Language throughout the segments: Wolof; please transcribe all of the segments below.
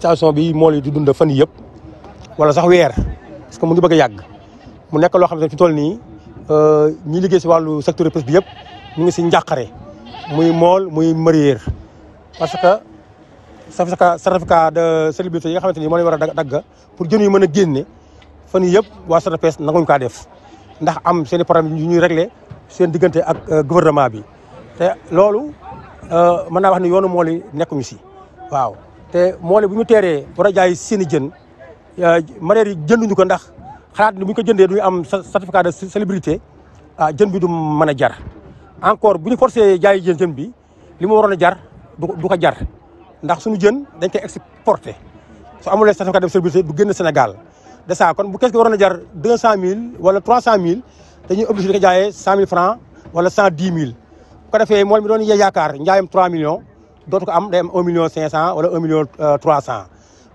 situation bi mo lay di dund fan yëpp wala sax weer parce que mu ngi bëgg yag mu nek lo xam fi toll ni euh ñi liggé ci walu secteur pêche bi yëpp ñu ngi ci ñakaré muy mol muy mareyeur parce que certificat certificat de celebrité yi nga xamanteni mo lay wara dagga pour jën yu mën a génne fan yii yëpp waa SONAPES nanguñ kaa def ndax am seen problème yu ñuy régler seen digënté ak euh, gouvernement bi té lolu euh mëna wax ni yoonu mo lay nekkuñu ci waaw. te moole bu ñu teeree war a jaay seen i jën euh, mareyeur yi jënduñu ko ndax xalaat ni bu ñu ko jëndee duñu am certificat de salubrité ah jën bi du mën a jar encore bu ñu forcé jaay jën jën bi li mu waroon a jar du ko jar ndax suñu jën dañ koy exporté su amulee certificat de salubrité du génn Sénégal de ça kon bu kees gi waroon a jar deux cent mille wala trois cent mille dañuy obligé di ko jaayee cent mille franc wala cent dix mille bu ko defee mool mi yaakaar njaayam trois millions dootu ko am day am un million cinq cent wala un million euh, trois cent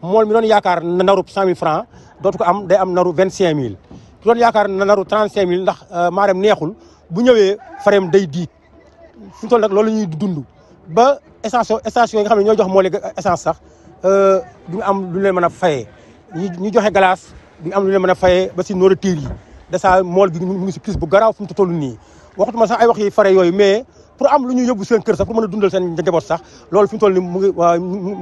mool mi doon yaakaar narub cent mille franc dootu ko am day am naru vingt cinq mille ki doon yaakaar naru trente cinq mille ndax euh, maaram neexul bu ñëwee farem day diit fu ñu toll nag loolu ñuy dundu ba station station yi nga xam ne ñoo jox mool essence sax euh, duñu am lu leen mën a fayee ñu joxe glace duñu am lu leen mën a faye ba si nourriture yi de ça mool gi mu ngi si crise bu garaaw fu mu toll nii waxtuma sax ay wax yi fare yooyu mais pour am lu ñu yóbbu seen kër sax pour mën a dundal seen njaboot sax loolu fi mu toll ni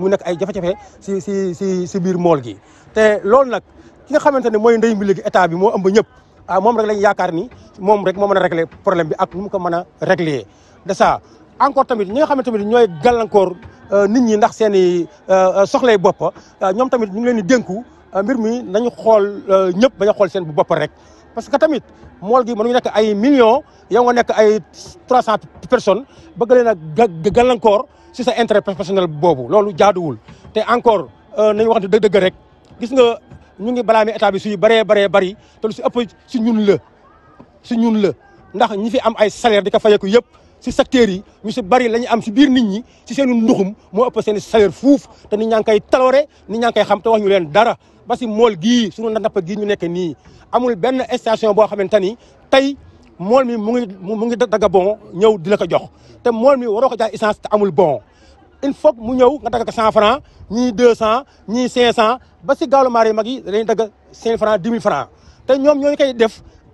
mu nekk ay jafe-jafe si si si si biir mool gi te loolu nag ki nga xamante ne mooy ndey mi léegi état bi moo ëmb ñëpp ah moom rek lañ yaakaar ni moom rek moo mën a régler problème bi ak nu mu ko mën a régler de ça encore tamit ñi nga xamante tamit ñooy gàllankoor euh, nit ñi ndax seen i euh, euh, soxlay bopp ñoom tamit ñu ngi leen di Euh, mbir mi nañu xool euh, ñëpp bañ xool seen bu bopp rek parce que tamit mool gi mënuñu nekk ay millions yow nga nekk ay trois cent personnes bëgg leen a gàllankoor si sa intérêt personnel boobu loolu jaaduwul te encore wax euh, waxante dëgg dëgg rek gis nga ñu ngi balaa mi état bi suy bëree bëree bari te lu si ëpp si ñun la si ñun la ndax ñi fi am ay salaire di ko fayeeku yëpp si secteur yi ñu ci bari lañu am si biir nit ñi ci seenu nduxum mo ëpp seen salaire fouf te nit ñaa ngi koy nit ñaa ngi xam te wax ñu leen dara ba ci mol gi suñu napp gi ñu nekk ni amul benn station bo xamante tay mol mi mu ngi mu ngi daga bon ñew dila ko jox te mol mi waro ko jaay essence te amul bon il fois mu ñew nga daga 100 francs ñi 200 ñi 500 ba ci gaalu maar yi mag yi dañuy dagg cinq te def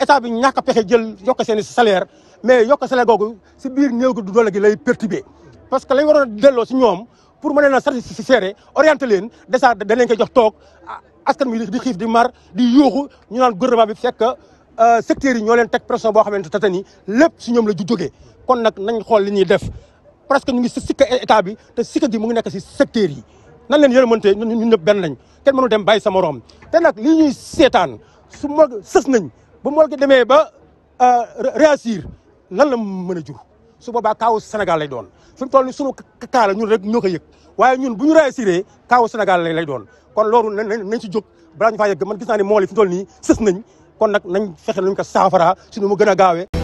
état bi ñaka pexé jël yokk seen salaire mais yok salaire gogou ci bir néew ko du doole gi lay perturbé parce que lay waro a ci ñom pour mëna leen a satisfaire orienté leen dèjà danañ ko jox tok askan mi di xif di mar di yuuxu ñu naan gouvernement bi fekk euh, secteur yi ñoo leen teg pression bo xamanteni tatani lepp lépp ñom la ju joggé kon nak nañ xol li ñuy def presque ñu ngi si sikka état bi te sikka gi mu ngi nekk ci secteur yi nan leen yërëmante ñun ñëpp ben lañ kenn mënu dem bay sa morom té nak li ñuy seetaan su mo seus nañ bu mool gi demee ba euh, réussir lan la mën a jur su boobaa kaaw Sénégal lay doon fi mu toll ni sunu kaa la ñun rek ñoo ko yëg waaye ñun bu ñu réussiree kaawu Sénégal lay doon kon loolu nañ ci jóg balaa ñu faa yëg man gis naa ne mool yi tol mu nii sës nañ kon nag nañ fexe nañ ko saafara suñu mu gën a gaawee